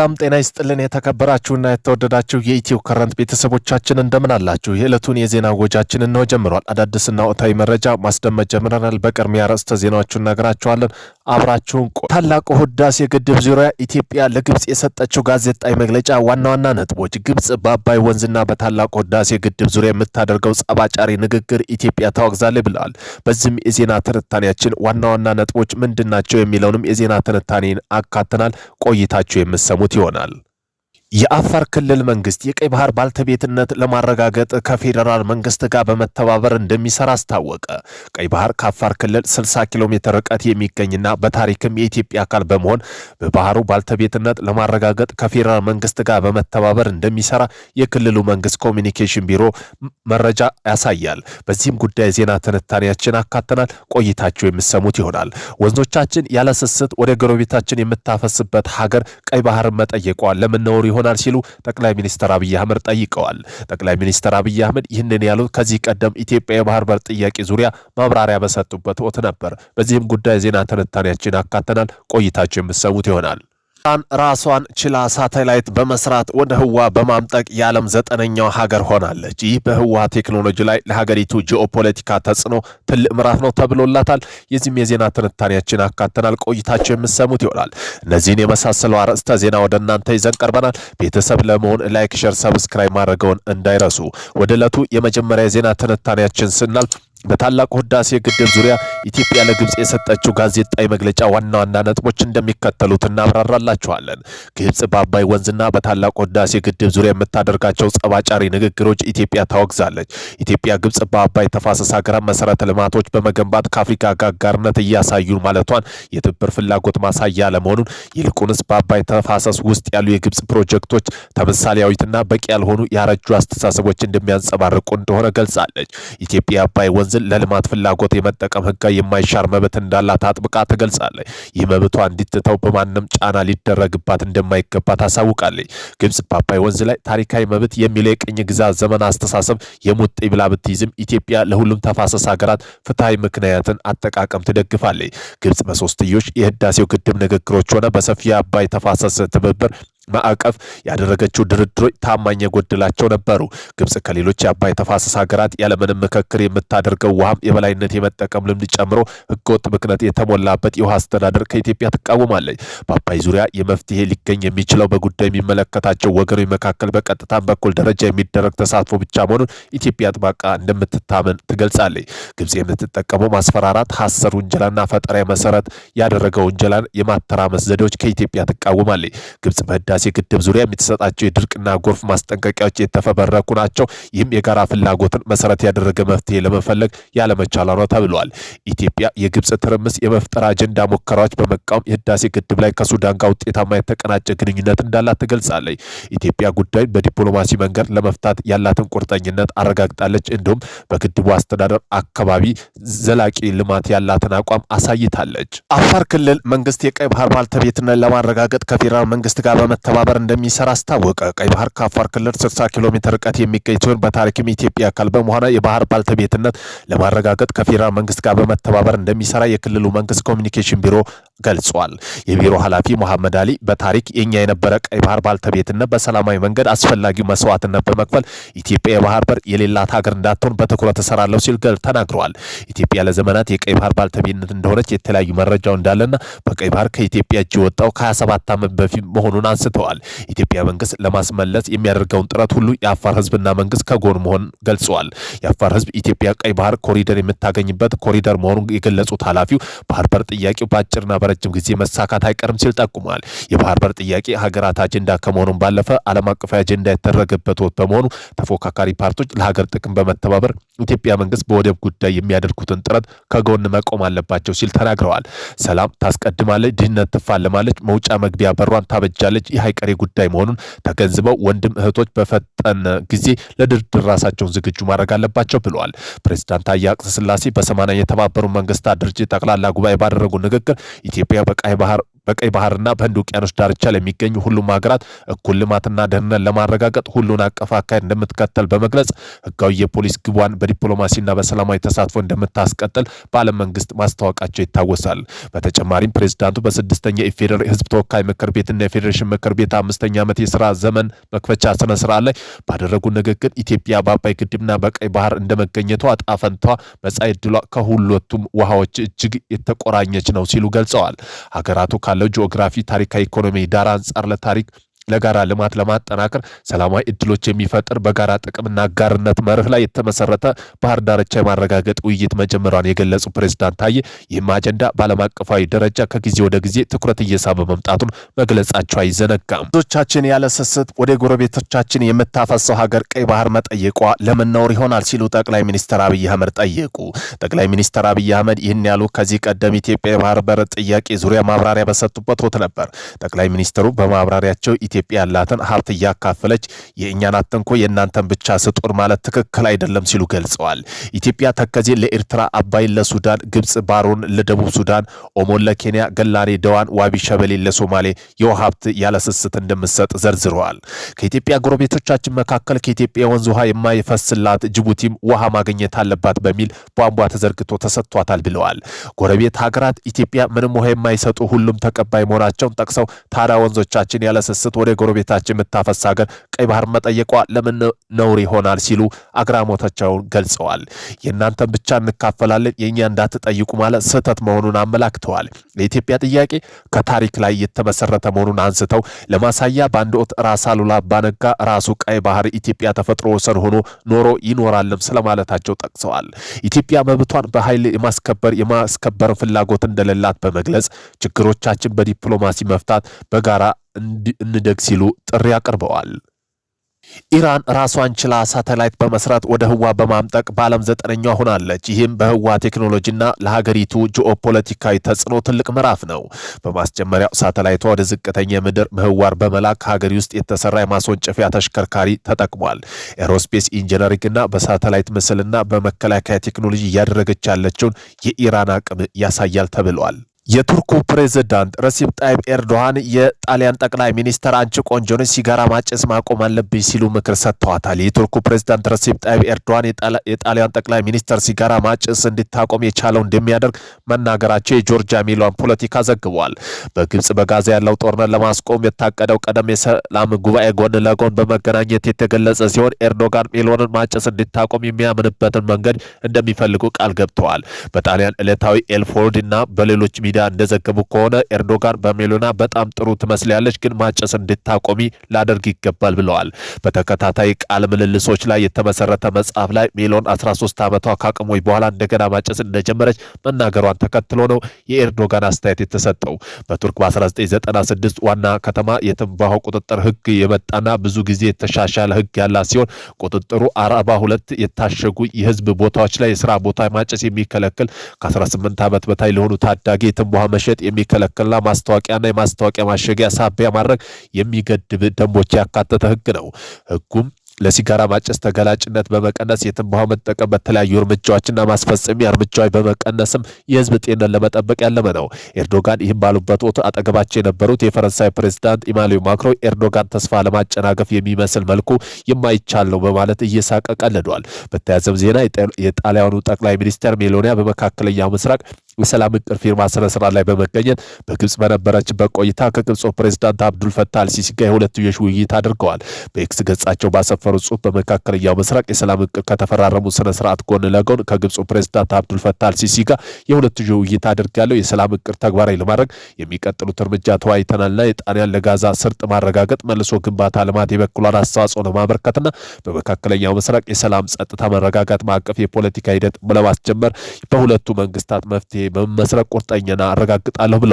ሰላም ጤና ይስጥልን የተከበራችሁና የተወደዳችሁ የኢትዮ ከረንት ቤተሰቦቻችን እንደምን አላችሁ? የዕለቱን የዜና ወጃችን እነሆ ጀምሯል። አዳዲስና ወቅታዊ መረጃ ማስደመጥ ጀምረናል። በቅድሚያ ርዕሰ ዜናዎቹን እነግራችኋለን። አብራችሁን ታላቁ ህዳሴ ግድብ ዙሪያ ኢትዮጵያ ለግብፅ የሰጠችው ጋዜጣዊ መግለጫ ዋና ዋና ነጥቦች፣ ግብፅ በአባይ ወንዝና በታላቁ ህዳሴ ግድብ ዙሪያ የምታደርገው ጸባጫሪ ንግግር ኢትዮጵያ ታወግዛለች ብለዋል። በዚህም የዜና ትንታኔያችን ዋና ዋና ነጥቦች ምንድናቸው የሚለውንም የዜና ትንታኔን አካተናል። ቆይታችሁ የምሰሙት ይሆናል። የአፋር ክልል መንግስት የቀይ ባህር ባልተቤትነት ለማረጋገጥ ከፌዴራል መንግስት ጋር በመተባበር እንደሚሰራ አስታወቀ። ቀይ ባህር ከአፋር ክልል 60 ኪሎ ሜትር ርቀት የሚገኝና በታሪክም የኢትዮጵያ አካል በመሆን በባህሩ ባልተቤትነት ለማረጋገጥ ከፌዴራል መንግስት ጋር በመተባበር እንደሚሰራ የክልሉ መንግስት ኮሚኒኬሽን ቢሮ መረጃ ያሳያል። በዚህም ጉዳይ ዜና ትንታኔያችን አካተናል። ቆይታቸው የምሰሙት ይሆናል። ወንዞቻችን ያለስስት ወደ ጎረቤታችን የምታፈስበት ሀገር ቀይ ባህርን መጠየቋ ለምን ይሆን? ይሆናል ሲሉ ጠቅላይ ሚኒስትር አብይ አህመድ ጠይቀዋል። ጠቅላይ ሚኒስትር አብይ አህመድ ይህንን ያሉት ከዚህ ቀደም ኢትዮጵያ የባህር በር ጥያቄ ዙሪያ ማብራሪያ በሰጡበት ወቅት ነበር። በዚህም ጉዳይ ዜና ትንታኔያችን አካተናል። ቆይታቸው የምትሰሙት ይሆናል። ኢራን ራሷን ችላ ሳተላይት በመስራት ወደ ህዋ በማምጠቅ የዓለም ዘጠነኛው ሀገር ሆናለች። ይህ በህዋ ቴክኖሎጂ ላይ ለሀገሪቱ ጂኦፖለቲካ ተጽዕኖ ትልቅ ምዕራፍ ነው ተብሎላታል። የዚህም የዜና ትንታኔያችን አካተናል። ቆይታቸው የምሰሙት ይሆናል። እነዚህን የመሳሰሉ አርዕስተ ዜና ወደ እናንተ ይዘን ቀርበናል። ቤተሰብ ለመሆን ላይክ፣ ሸር፣ ሰብስክራይብ ማድረገውን እንዳይረሱ። ወደ ዕለቱ የመጀመሪያ የዜና ትንታኔያችን ስናልፍ በታላቁ ህዳሴ ግድብ ዙሪያ ኢትዮጵያ ለግብፅ የሰጠችው ጋዜጣዊ መግለጫ ዋና ዋና ነጥቦች እንደሚከተሉት እናብራራላችኋለን። ግብፅ በአባይ ወንዝና በታላቁ ህዳሴ ግድብ ዙሪያ የምታደርጋቸው ጸባጫሪ ንግግሮች ኢትዮጵያ ታወግዛለች። ኢትዮጵያ ግብፅ በአባይ ተፋሰስ ሀገራት መሰረተ ልማቶች በመገንባት ከአፍሪካ አጋርነት እያሳዩ ማለቷን የትብብር ፍላጎት ማሳያ አለመሆኑን ይልቁንስ በአባይ ተፋሰስ ውስጥ ያሉ የግብፅ ፕሮጀክቶች ተምሳሌያዊትና በቂ ያልሆኑ ያረጁ አስተሳሰቦች እንደሚያንጸባርቁ እንደሆነ ገልጻለች። ኢትዮጵያ አባይ ወንዝ ወንዝን ለልማት ፍላጎት የመጠቀም ህገ የማይሻር መብት እንዳላት አጥብቃ ትገልጻለች። ይህ መብቷ እንዲትተው በማንም ጫና ሊደረግባት እንደማይገባ ታሳውቃለች። ግብጽ በአባይ ወንዝ ላይ ታሪካዊ መብት የሚለው የቅኝ ግዛት ዘመን አስተሳሰብ የሙጥ ብላ ብትይዝም ኢትዮጵያ ለሁሉም ተፋሰስ ሀገራት ፍትሐዊ ምክንያትን አጠቃቀም ትደግፋለች። ግብጽ በሶስትዮሽ የህዳሴው ግድብ ንግግሮች ሆነ በሰፊ አባይ ተፋሰስ ትብብር ማዕቀፍ ያደረገችው ድርድሮች ታማኝ የጎደላቸው ነበሩ። ግብጽ ከሌሎች የአባይ ተፋሰስ ሀገራት ያለምንም ምክክር የምታደርገው ውሃም የበላይነት የመጠቀም ልምድ ጨምሮ ህገወጥ ብክነት የተሞላበት የውሃ አስተዳደር ከኢትዮጵያ ትቃወማለች። በአባይ ዙሪያ የመፍትሄ ሊገኝ የሚችለው በጉዳይ የሚመለከታቸው ወገኖች መካከል በቀጥታም በኩል ደረጃ የሚደረግ ተሳትፎ ብቻ መሆኑን ኢትዮጵያ ጥባቃ እንደምትታመን ትገልጻለች። ግብጽ የምትጠቀመው ማስፈራራት፣ ሀሰር ውንጀላና ፈጠራ መሰረት ያደረገ ውንጀላን የማተራመስ ዘዴዎች ከኢትዮጵያ ትቃወማለች። ግብጽ በህዳ ህዳሴ ግድብ ዙሪያ የሚሰጣቸው የድርቅና ጎርፍ ማስጠንቀቂያዎች የተፈበረኩ ናቸው። ይህም የጋራ ፍላጎትን መሰረት ያደረገ መፍትሄ ለመፈለግ ያለመቻሏ ነው ተብሏል። ኢትዮጵያ የግብፅ ትርምስ የመፍጠር አጀንዳ ሙከራዎች በመቃወም የህዳሴ ግድብ ላይ ከሱዳን ጋር ውጤታማ የተቀናጨ ግንኙነት እንዳላት ትገልጻለች። ኢትዮጵያ ጉዳዩን በዲፕሎማሲ መንገድ ለመፍታት ያላትን ቁርጠኝነት አረጋግጣለች። እንዲሁም በግድቡ አስተዳደር አካባቢ ዘላቂ ልማት ያላትን አቋም አሳይታለች። አፋር ክልል መንግስት የቀይ ባህር ባለቤትነት ለማረጋገጥ ከፌዴራል መንግስት ጋር በመ በመተባበር እንደሚሰራ አስታወቀ። ቀይ ባህር ከአፋር ክልል 60 ኪሎ ሜትር ርቀት የሚገኝ ሲሆን በታሪክም የኢትዮጵያ አካል በመሆኗ የባህር ባልተቤትነት ለማረጋገጥ ከፌዴራል መንግስት ጋር በመተባበር እንደሚሰራ የክልሉ መንግስት ኮሚኒኬሽን ቢሮ ገልጿል። የቢሮ ኃላፊ መሐመድ አሊ በታሪክ የኛ የነበረ ቀይ ባህር ባልተቤትነት በሰላማዊ መንገድ አስፈላጊው መስዋዕትነት በመክፈል ኢትዮጵያ የባህር በር የሌላት ሀገር እንዳትሆን በትኩረት እሰራለሁ ሲል ተናግረዋል። ኢትዮጵያ ለዘመናት የቀይ ባህር ባልተቤትነት እንደሆነች የተለያዩ መረጃው እንዳለና በቀይ ባህር ከኢትዮጵያ እጅ የወጣው ከ27 ዓመት በፊት መሆኑን አንስተዋል። ኢትዮጵያ መንግስት ለማስመለስ የሚያደርገውን ጥረት ሁሉ የአፋር ህዝብና መንግስት ከጎን መሆን ገልጸዋል። የአፋር ህዝብ ኢትዮጵያ ቀይ ባህር ኮሪደር የምታገኝበት ኮሪደር መሆኑን የገለጹት ኃላፊው ባህር በር ጥያቄው በአጭርና በረጅም ጊዜ መሳካት አይቀርም ሲል ጠቁሟል። የባህር በር ጥያቄ ሀገራት አጀንዳ ከመሆኑም ባለፈ ዓለም አቀፋዊ አጀንዳ የተደረገበት ወቅት በመሆኑ ተፎካካሪ ፓርቲዎች ለሀገር ጥቅም በመተባበር ኢትዮጵያ መንግስት በወደብ ጉዳይ የሚያደርጉትን ጥረት ከጎን መቆም አለባቸው ሲል ተናግረዋል። ሰላም ታስቀድማለች፣ ድህነት ትፋለማለች፣ መውጫ መግቢያ በሯን ታበጃለች። ይህ አይቀሬ ጉዳይ መሆኑን ተገንዝበው ወንድም እህቶች በፈጠነ ጊዜ ለድርድር ራሳቸውን ዝግጁ ማድረግ አለባቸው ብለዋል። ፕሬዚዳንት ታዬ አጽቀሥላሴ በሰማንያ የተባበሩ መንግስታት ድርጅት ጠቅላላ ጉባኤ ባደረጉ ንግግር ኢትዮጵያ በቀይ ባህር በቀይ ባህርና በህንድ ውቅያኖስ ዳርቻ ለሚገኙ ሁሉም ሀገራት እኩል ልማትና ደህንነት ለማረጋገጥ ሁሉን አቀፍ አካሄድ እንደምትከተል በመግለጽ ህጋዊ የፖሊስ ግቧን በዲፕሎማሲና በሰላማዊ ተሳትፎ እንደምታስቀጥል በዓለም መንግስት ማስታወቃቸው ይታወሳል። በተጨማሪም ፕሬዚዳንቱ በስድስተኛ የፌዴራል ህዝብ ተወካይ ምክር ቤትና የፌዴሬሽን ምክር ቤት አምስተኛ ዓመት የስራ ዘመን መክፈቻ ስነ ስርዓት ላይ ባደረጉ ንግግር ኢትዮጵያ በአባይ ግድብና በቀይ ባህር እንደመገኘቷ ዕጣ ፈንታዋ መጻኢ ዕድሏ ከሁለቱም ውሃዎች እጅግ የተቆራኘች ነው ሲሉ ገልጸዋል። ሀገራቱ ካለ ካለው ጂኦግራፊ፣ ታሪካዊ፣ ኢኮኖሚ ዳራ አንጻር ለታሪክ ለጋራ ልማት ለማጠናከር ሰላማዊ እድሎች የሚፈጥር በጋራ ጥቅምና አጋርነት መርህ ላይ የተመሰረተ ባህር ዳርቻ የማረጋገጥ ውይይት መጀመሯን የገለጹ ፕሬዝዳንት ታዬ ይህም አጀንዳ በዓለም አቀፋዊ ደረጃ ከጊዜ ወደ ጊዜ ትኩረት እየሳበ መምጣቱን መግለጻቸው አይዘነጋም። ብዙዎቻችን ያለ ስስት ወደ ጎረቤቶቻችን የምታፈሰው ሀገር ቀይ ባህር መጠየቋ ለመናወር ይሆናል ሲሉ ጠቅላይ ሚኒስትር አብይ አህመድ ጠየቁ። ጠቅላይ ሚኒስትር አብይ አህመድ ይህን ያሉ ከዚህ ቀደም ኢትዮጵያ የባህር በር ጥያቄ ዙሪያ ማብራሪያ በሰጡበት ወቅት ነበር። ጠቅላይ ሚኒስትሩ በማብራሪያቸው ኢትዮ ኢትዮጵያ ያላትን ሀብት እያካፈለች የእኛን አትንኮ የእናንተን ብቻ ስጡን ማለት ትክክል አይደለም ሲሉ ገልጸዋል። ኢትዮጵያ ተከዜ ለኤርትራ፣ አባይን ለሱዳን፣ ግብፅ ባሮን ለደቡብ ሱዳን፣ ኦሞን ለኬንያ፣ ገላኔ ደዋን፣ ዋቢ ሸበሌ ለሶማሌ የውሃ ሀብት ያለስስት እንደምትሰጥ ዘርዝረዋል። ከኢትዮጵያ ጎረቤቶቻችን መካከል ከኢትዮጵያ ወንዝ ውሃ የማይፈስላት ጅቡቲም ውሃ ማግኘት አለባት በሚል ቧንቧ ተዘርግቶ ተሰጥቷታል ብለዋል። ጎረቤት ሀገራት ኢትዮጵያ ምንም ውሃ የማይሰጡ ሁሉም ተቀባይ መሆናቸውን ጠቅሰው ታዲያ ወንዞቻችን ያለስስት ወደ ጎረቤታችን የምታፈሳ ሀገር ቀይ ባህር መጠየቋ ለምን ነውር ይሆናል ሲሉ አግራሞታቸውን ገልጸዋል። የእናንተን ብቻ እንካፈላለን የእኛ እንዳትጠይቁ ማለት ስህተት መሆኑን አመላክተዋል። የኢትዮጵያ ጥያቄ ከታሪክ ላይ የተመሰረተ መሆኑን አንስተው ለማሳያ በአንድ ወቅት ራስ አሉላ አባነጋ ራሱ ቀይ ባህር ኢትዮጵያ ተፈጥሮ ወሰን ሆኖ ኖሮ ይኖራልም ስለማለታቸው ጠቅሰዋል። ኢትዮጵያ መብቷን በኃይል የማስከበር የማስከበር ፍላጎት እንደሌላት በመግለጽ ችግሮቻችን በዲፕሎማሲ መፍታት በጋራ እንደግ ሲሉ ጥሪ አቅርበዋል። ኢራን ራሷን ችላ ሳተላይት በመስራት ወደ ህዋ በማምጠቅ በዓለም ዘጠነኛ ሆናለች። ይህም በህዋ ቴክኖሎጂና ለሀገሪቱ ጂኦፖለቲካዊ ተጽዕኖ ትልቅ ምዕራፍ ነው። በማስጀመሪያው ሳተላይቷ ወደ ዝቅተኛ የምድር ምህዋር በመላክ ሀገሪ ውስጥ የተሰራ የማስወንጨፊያ ተሽከርካሪ ተጠቅሟል። ኤሮስፔስ ኢንጂነሪንግና በሳተላይት ምስልና በመከላከያ ቴክኖሎጂ እያደረገች ያለችውን የኢራን አቅም ያሳያል ተብሏል። የቱርኩ ፕሬዝዳንት ረሲፕ ጣይብ ኤርዶሃን የጣሊያን ጠቅላይ ሚኒስተር አንቺ ቆንጆን ሲጋራ ማጨስ ማቆም አለብኝ ሲሉ ምክር ሰጥተዋታል። የቱርኩ ፕሬዝዳንት ረሲፕ ጣይብ ኤርዶሃን የጣሊያን ጠቅላይ ሚኒስተር ሲጋራ ማጨስ እንድታቆም የቻለው እንደሚያደርግ መናገራቸው የጆርጂያ ሚሏን ፖለቲካ ዘግቧል። በግብፅ በጋዛ ያለው ጦርነት ለማስቆም የታቀደው ቀደም የሰላም ጉባኤ ጎን ለጎን በመገናኘት የተገለጸ ሲሆን ኤርዶጋን ሚሎንን ማጨስ እንድታቆም የሚያምንበትን መንገድ እንደሚፈልጉ ቃል ገብተዋል። በጣሊያን ዕለታዊ ኤልፎርድ እና በሌሎች ሚዲያ ሚዲያ እንደዘገቡ ከሆነ ኤርዶጋን በሜሎና በጣም ጥሩ ትመስልያለች ግን ማጨስ እንድታቆሚ ላደርግ ይገባል ብለዋል። በተከታታይ ቃለ ምልልሶች ላይ የተመሰረተ መጽሐፍ ላይ ሜሎን 13 ዓመቷ ካቅሞች በኋላ እንደገና ማጨስ እንደጀመረች መናገሯን ተከትሎ ነው የኤርዶጋን አስተያየት የተሰጠው። በቱርክ በ1996 ዋና ከተማ የትንባሆ ቁጥጥር ህግ የመጣና ብዙ ጊዜ የተሻሻለ ህግ ያላት ሲሆን ቁጥጥሩ 42 የታሸጉ የህዝብ ቦታዎች ላይ የስራ ቦታ ማጨስ የሚከለክል ከ18 ዓመት በታይ ለሆኑ ታዳጊ የመልካም ውሃ መሸጥ የሚከለክልና ማስታወቂያና የማስታወቂያ ማሸጊያ ሳቢያ ማድረግ የሚገድብ ደንቦች ያካተተ ህግ ነው። ህጉም ለሲጋራ ማጨስ ተገላጭነት በመቀነስ የትንባሆ መጠቀም በተለያዩ እርምጃዎችና ማስፈጸሚያ እርምጃዎች በመቀነስም የህዝብ ጤናን ለመጠበቅ ያለመ ነው። ኤርዶጋን ይህም ባሉበት ወቅት አጠገባቸው የነበሩት የፈረንሳይ ፕሬዚዳንት ኢማኑኤል ማክሮ ኤርዶጋን ተስፋ ለማጨናገፍ የሚመስል መልኩ የማይቻል ነው በማለት እየሳቀ ቀልዷል። በተያያዘም ዜና የጣሊያኑ ጠቅላይ ሚኒስትር ሜሎኒያ በመካከለኛው ምስራቅ የሰላም እቅድ ፊርማ ስነስርዓት ላይ በመገኘት በግብጽ በነበረችበት ቆይታ ከግብፁ ፕሬዚዳንት አብዱል ፈታህ አልሲሲ ጋር የሁለትዮሽ ውይይት አድርገዋል። በኤክስ ገጻቸው ባሰፈሩ ጽሁፍ በመካከለኛው ምስራቅ የሰላም እቅድ ከተፈራረሙ ስነስርዓት ጎን ለጎን ከግብፁ ፕሬዚዳንት አብዱል ፈታህ አልሲሲ ጋር የሁለትዮሽ ውይይት አድርጋለሁ። የሰላም እቅድ ተግባራዊ ለማድረግ የሚቀጥሉት እርምጃ ተወያይተናልና የጣሊያን ለጋዛ ስርጥ ማረጋገጥ፣ መልሶ ግንባታ ልማት የበኩሏን አስተዋጽኦ ለማበርከትና በመካከለኛው ምስራቅ የሰላም ጸጥታ መረጋጋት ማዕቀፍ የፖለቲካ ሂደት ለማስጀመር በሁለቱ መንግስታት መፍትሄ በመመስረት ቁርጠኝና አረጋግጣለሁ ብለዋል።